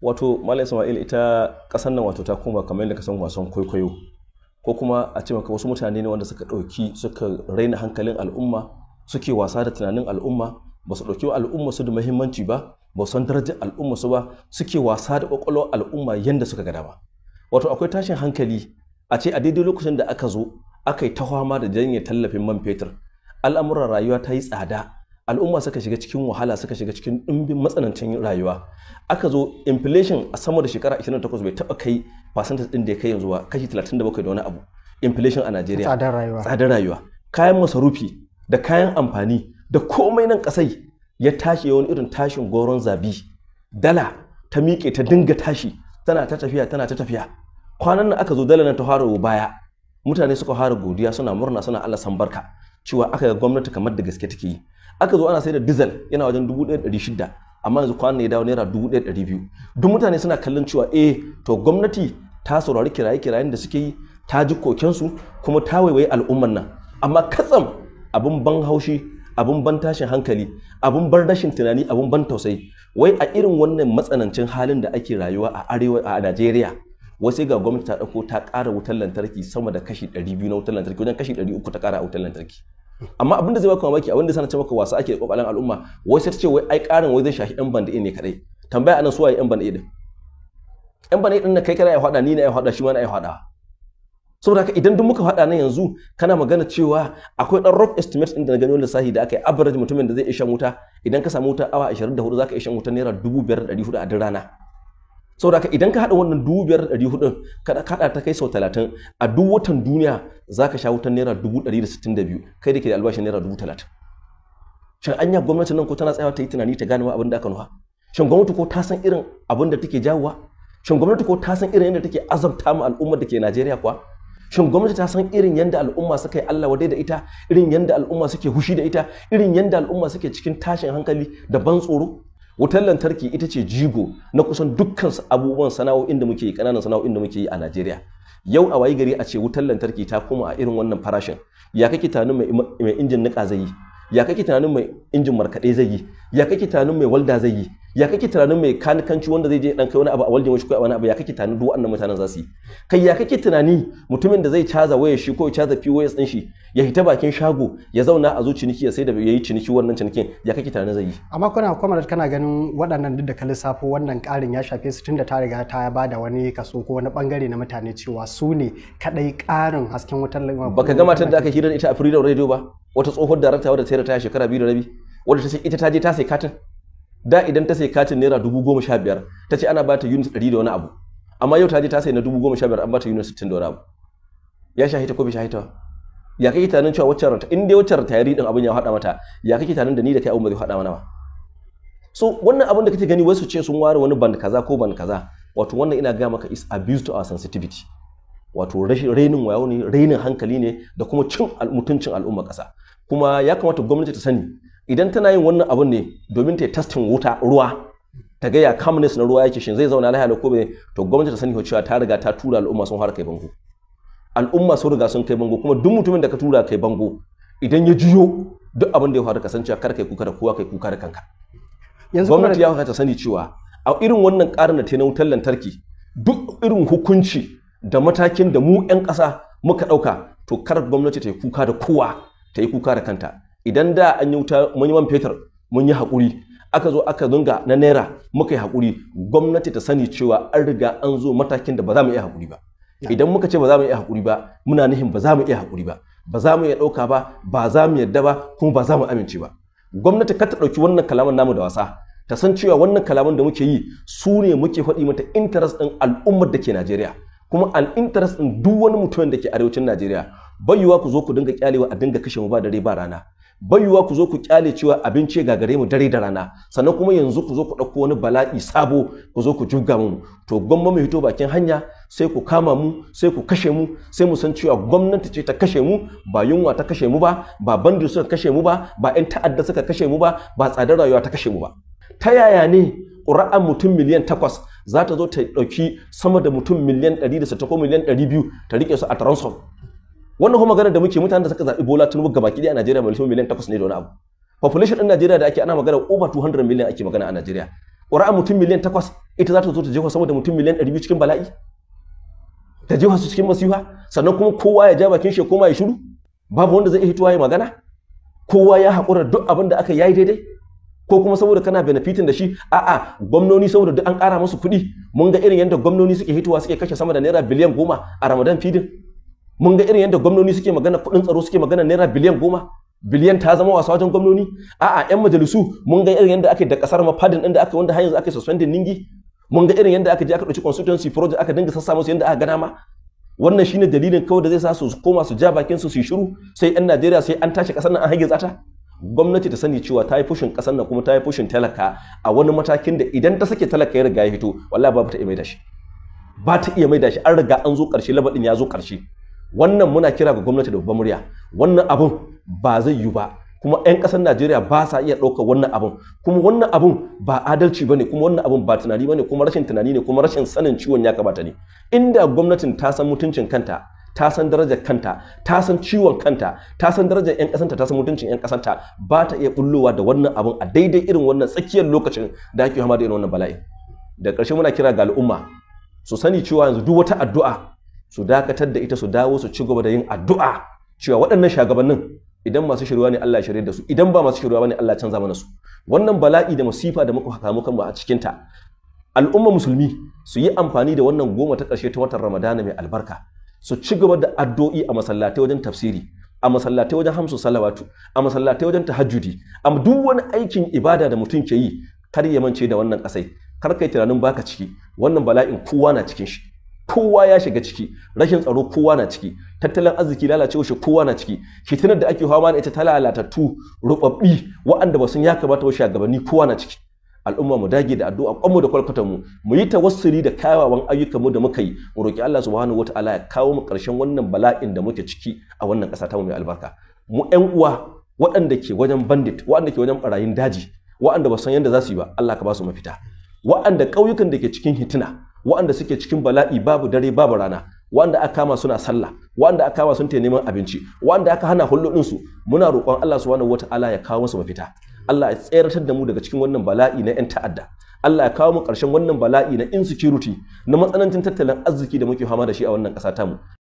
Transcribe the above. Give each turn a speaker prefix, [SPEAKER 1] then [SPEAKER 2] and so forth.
[SPEAKER 1] wato malam isma'il ita kasan nan wato ta koma kamar yadda kasan wasan kwaikwayo ko kuma a ce maka wasu mutane ne wanda suka ɗauki suka raina hankalin al'umma suke wasa da tunanin al'umma ba su ɗauki al'umma su da muhimmanci ba ba san darajar al'umma su ba suke wasa da kwakwalwar al'umma yadda suka gada ba wato akwai tashin hankali a ce a daidai lokacin da aka zo aka yi ta da janye tallafin man fetur al'amuran rayuwa ta yi tsada al'umma suka shiga cikin wahala suka shiga cikin ɗumbin matsanancin rayuwa aka zo inflation a sama da shekara 28 bai taɓa kai percentage ɗin da ya kai yanzu ba kashi 37 da wani abu inflation a Najeriya tsadar rayuwa tsadar rayuwa kayan masarufi da kayan amfani da komai nan kasai ya tashi yawan irin tashin goron zabi dala ta miƙe ta dinga tashi tana ta tafiya tana ta tafiya kwanan nan aka zo dala nan ta fara baya mutane suka fara godiya suna murna suna Allah san barka cewa aka ga gwamnati kamar da gaske take yi aka zo ana sai da diesel yana wajen 1,600 amma yanzu kwanan ya dawo naira 1,200 duk mutane suna kallon cewa eh to gwamnati ta saurari kiraye-kirayen da suke yi ta ji kokensu kuma ta waiwaye al'ummar nan amma katsam abin ban haushi abin ban tashin hankali abin ban rashin tunani abin ban tausayi wai a irin wannan matsanancin halin da ake rayuwa a arewa a Najeriya wasu ga gwamnati ta dauko ta kara wutar lantarki sama da kashi 200 na wutar lantarki wajen kashi 300 ta ƙara wutar lantarki amma abin da zai baka mamaki abin da sana ce maka wasa ake kokarin al'umma wai sai ta ce wai ai karin wai zai shafi yan bandi ne kadai tambaya anan suwaye yan bandi din yan bandi din na kai kana ya hada ni na ya hada shi ma na ya hada saboda haka idan duk muka hada nan yanzu kana magana cewa akwai dan rough estimate din da gani wannan sahi da aka yi average mutumin da zai isha wuta idan ka samu wuta awa 24 zaka isha wuta naira 5400 a duk rana saboda idan ka haɗa wannan dubu biyar da ɗari hudu ka haɗa ta kai sau talatin a duk watan duniya za ka sha wutan naira dubu ɗari da sittin da biyu kai da ke da albashin naira dubu talatin shin anya gwamnatin nan ko tana tsayawa ta yi tunani ta gane abin da aka nufa shin gwamnati ko ta san irin abin da take jawowa shin gwamnati ko ta san irin yadda take azabta mu al'ummar da ke Najeriya kuwa shin gwamnati ta san irin yadda al'umma suka yi Allah wadai da ita irin yadda al'umma suke hushi da ita irin yadda al'umma suke cikin tashin hankali da ban tsoro wutar lantarki ita ce jigo na kusan dukkan abubuwan sana'o'in da muke yi kananan sana'o'in da muke yi a Najeriya yau a wayi gari a ce wutar lantarki ta koma a irin wannan farashin ya kake tunanin mai injin niƙa zai yi ya kake tunanin mai injin markaɗe zai yi ya kake tunanin mai walda zai yi ya kake tunanin mai kanikanci wanda zai je dan kai wani abu a waljin shi ko wani abu ya kake tunanin duk wannan mutanen za su yi kai ya kake tunani mutumin da zai caza waya shi ko ya caza POS din shi ya hita bakin shago ya zauna a zuci niki ya sai da yayi ciniki wannan cinikin ya kake tunanin zai yi amma kana kwamar kana ganin waɗannan duk da ka lissafo wannan ƙarin ya shafe su tunda ta riga ta ba da wani kaso ko wani bangare na mutane cewa su ne kadai ƙarin hasken wutar lantarki baka ka matar da aka hira ita a Freedom Radio ba wata tsohon darakta wadda ta yi ta shekara biyu da rabi wadda ta ita ta je ta sai katin da idan ta sai katin naira dubu goma sha biyar ta ce ana bata unit ɗari da wani abu amma yau ta je ta sai na dubu goma sha biyar an bata unit sittin da wani abu ya hita ko bai sha hita ya kake tunanin cewa wacce rata in dai wacce rata ya riɗin abin ya haɗa mata ya kake tunanin da ni da kai abin ba zai haɗa mana ba so wannan abin da kake gani wasu ce sun ware wani band kaza ko band kaza wato wannan ina ga maka is abuse to our sensitivity wato rainin wayo ne rainin hankali ne da kuma cin mutuncin al'umma ƙasa kuma ya kamata gwamnati ta sani idan tana yin wannan abun ne domin ta yi tastin wuta ruwa ta gaya kamnis na ruwa yake shi. zai zauna lahiya ko bai to gwamnati ta sani cewa ta riga ta tura al'umma sun har kai bango al'umma sun riga sun kai bango kuma duk mutumin da ka tura kai bango idan ya jiyo duk abin da ya faru kasancewa kar kai kuka da kowa kai kuka da kanka gwamnati ya ta sani cewa a irin wannan karin da ta na wutar lantarki duk irin hukunci da matakin da mu 'yan ƙasa muka ɗauka to kar gwamnati ta yi kuka da kowa ta yi kuka da kanta idan da an yi wuta mun yi man fetur mun yi haƙuri aka zo aka zunga na naira muka yi haƙuri gwamnati ta sani cewa an riga an zo matakin da ba za mu iya haƙuri ba idan muka ce ba za mu iya haƙuri ba muna nihin ba za mu iya haƙuri ba ba za mu iya ɗauka ba ba za mu yadda ba kuma ba za mu amince ba gwamnati ka ta ɗauki wannan kalaman namu da wasa ta san cewa wannan kalaman da muke yi su ne muke faɗi mata interest ɗin al'ummar da ke Najeriya kuma al interest ɗin duk wani mutumin da ke arewacin Najeriya bayuwa ku zo ku dinga kyalewa a dinga kashe mu ba dare ba rana bayuwa ku zo ku kyale cewa abinci ga gagare mu dare da rana sannan kuma yanzu ku zo ku ɗauko wani bala'i sabo ku zo ku juga mu to gwamma mu hito bakin hanya sai ku kama mu sai ku kashe mu sai mu san cewa gwamnati ce ta kashe mu ba yunwa ta kashe mu ba ba bandu suka kashe mu ba ba 'yan ta'adda suka kashe mu ba ba tsadar rayuwa ta kashe mu ba ta yaya ne ƙura'an mutum miliyan takwas za ta zo ta ɗauki sama da mutum miliyan ɗari da miliyan ɗari biyu ta riƙe su a transom wannan kuma magana da muke mutanen da suka zaɓi Bola Tinubu baki dai a Najeriya mai miliyan 8 ne da wani abu population din Najeriya da ake ana magana over 200 million ake magana a Najeriya ƙura'an mutum miliyan takwas ita za ta zo ta jefa sama da mutum miliyan 200 cikin bala'i ta jefa su cikin masifa sannan kuma kowa ya ja bakin shi koma ya shiru babu wanda zai hitowa ya magana kowa ya haƙura duk abin da aka yayi daidai ko kuma saboda kana benefitin da shi a'a gwamnoni saboda duk an ƙara musu kuɗi mun ga irin yadda gwamnoni suke hitowa suke kashe sama da naira biliyan goma a ramadan fidin mun ga irin yadda gwamnoni suke magana kuɗin tsaro suke magana naira biliyan goma biliyan ta zama wasa wajen gwamnoni a'a yan majalisu mun ga irin yadda ake da kasar mafadin din da aka wanda har yanzu ake suspending ningi mun ga irin yadda aka je aka dauki constituency project aka dinga sassa musu yadda aka gana ma wannan shine dalilin kawai da zai sa su koma su ja bakin su su shiru sai yan Najeriya sai an tashi kasar nan an hage tsata gwamnati ta sani cewa ta yi fushin kasar nan kuma ta yi fushin talaka a wani matakin da idan ta sake talaka ya riga ya fito wallahi ba ta iya mai da shi ba ta iya mai da shi an riga an zo karshe labadin ya zo karshe wannan muna kira ga gwamnati da babbar murya wannan abun ba zai yiwu ba kuma 'yan ƙasar najeriya ba sa iya ɗaukar wannan abun kuma wannan abun ba adalci ba ne kuma wannan abun ba tunani ba ne kuma rashin tunani ne kuma rashin sanin ciwon ya kamata ne inda gwamnatin ta san mutuncin kanta ta san darajar kanta ta san ciwon kanta ta san darajar 'yan kasanta ta san mutuncin 'yan kasanta ba ta iya bullowa da wannan abun a daidai irin wannan tsakiyar lokacin da ake hama da irin wannan bala'i da ƙarshe muna kira ga al'umma su sani cewa yanzu duk wata addu'a su dakatar da ita su dawo su ci gaba da yin addu'a cewa waɗannan shagabannin idan masu shirwa ne Allah shirye da su idan ba masu shirwa ne Allah canza mana su wannan bala'i da masifa da muka samu kanmu a cikin ta al'umma musulmi su yi amfani da wannan goma ta ƙarshe ta watan Ramadana mai albarka su ci gaba da addu'o'i a masallatai wajen tafsiri a masallatai wajen hamsu salawatu a masallatai wajen tahajjudi a duk wani aikin ibada da mutum ke yi kar ya mance da wannan kasai kar kai tunanin baka ciki wannan bala'in kowa na cikin shi kowa ya shiga ciki rashin tsaro kowa na ciki tattalin arziki lalacewa shi kowa na ciki fitinar da ake fama da ita ta lalatattu rubabbi waɗanda ba sun ya kamata wa shagabanni kowa na ciki al'umma mu dage da addu'a kwanmu da kwalkwatan mu mu yi tawassuli da kawawan ayyukan mu da muka yi mu roki Allah subhanahu wataala ya kawo mu ƙarshen wannan bala'in da muke ciki a wannan ƙasa ta mu mai albarka mu ƴan uwa waɗanda ke wajen bandit waɗanda ke wajen barayin daji waɗanda ba san yadda za su yi ba Allah ka ba su mafita waɗanda ƙauyukan da ke cikin hitina waɗanda suke cikin bala'i babu dare babu rana Wa'anda aka kama suna sallah Wa'anda aka kama sun ta neman abinci wanda aka hana hulɗoɗin su muna roƙon Allah subhanahu wataala ya kawo musu mafita Allah ya tseratar da mu daga cikin wannan bala'i na 'yan ta'adda Allah ya kawo mu ƙarshen wannan bala'i na insecurity na matsanancin tattalin arziki da muke fama da shi a wannan ƙasa mu.